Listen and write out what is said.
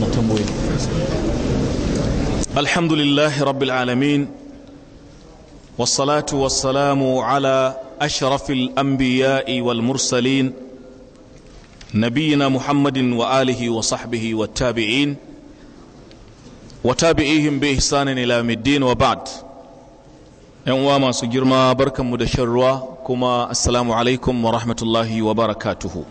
na tambayoyi alhamdulillahi rabbil alamin ala ashrafil anbiya'i wal mursalin nabiyina muhammadin wa alihi wa sahbihi wa tabi'in wa tabi'ihim bi ihsanin ila middin wa ba'd yan uwa masu girma barkanmu da shan ruwa kuma assalamu alaikum wa rahmatullahi wa barakatuhu